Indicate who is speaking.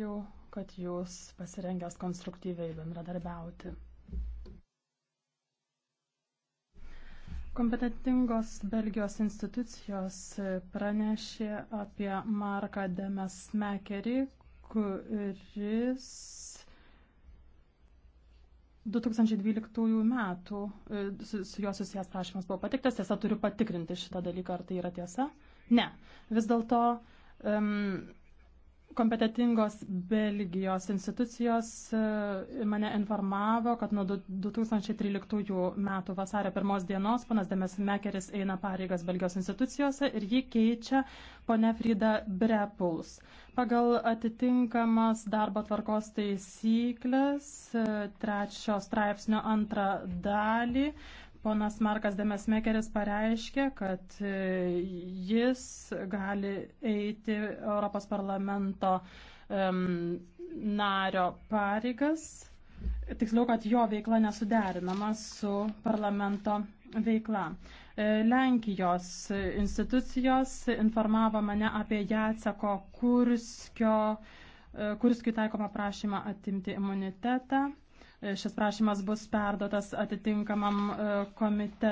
Speaker 1: Jau, kad jūs pasirengęs konstruktyviai bendradarbiauti. Kompetentingos Belgijos institucijos pranešė apie Marką Demesmekerį, kuris 2012 metų e, su, su juo susijęs prašymas buvo patiktas. Tiesa, turiu patikrinti šitą dalyką, ar tai yra tiesa. Ne. Vis dėlto um, kompetitingos Belgijos institucijos e, mane informavo, kad nuo 2013 metų vasario pirmos dienos panas Demes Mekeris eina pareigas Belgijos institucijose ir jį keičia pone Frida Brepuls. Pagal atitinkamas darbo tvarkos taisyklės e, trečios straipsnio antrą dalį ponas Markas Demesmekeris pareiškė, kad e, jis gali eiti Europos parlamento um, nario pareigas. Tiksliau, kad jo veikla nesuderinama su parlamento veikla. E, Lenkijos institucijos informavo mane apie Jaceko Kurskio, e, Kurskiui taikomą prašymą atimti imunitetą. Šis prašymas bus perdotas atitinkamam e, komitetui.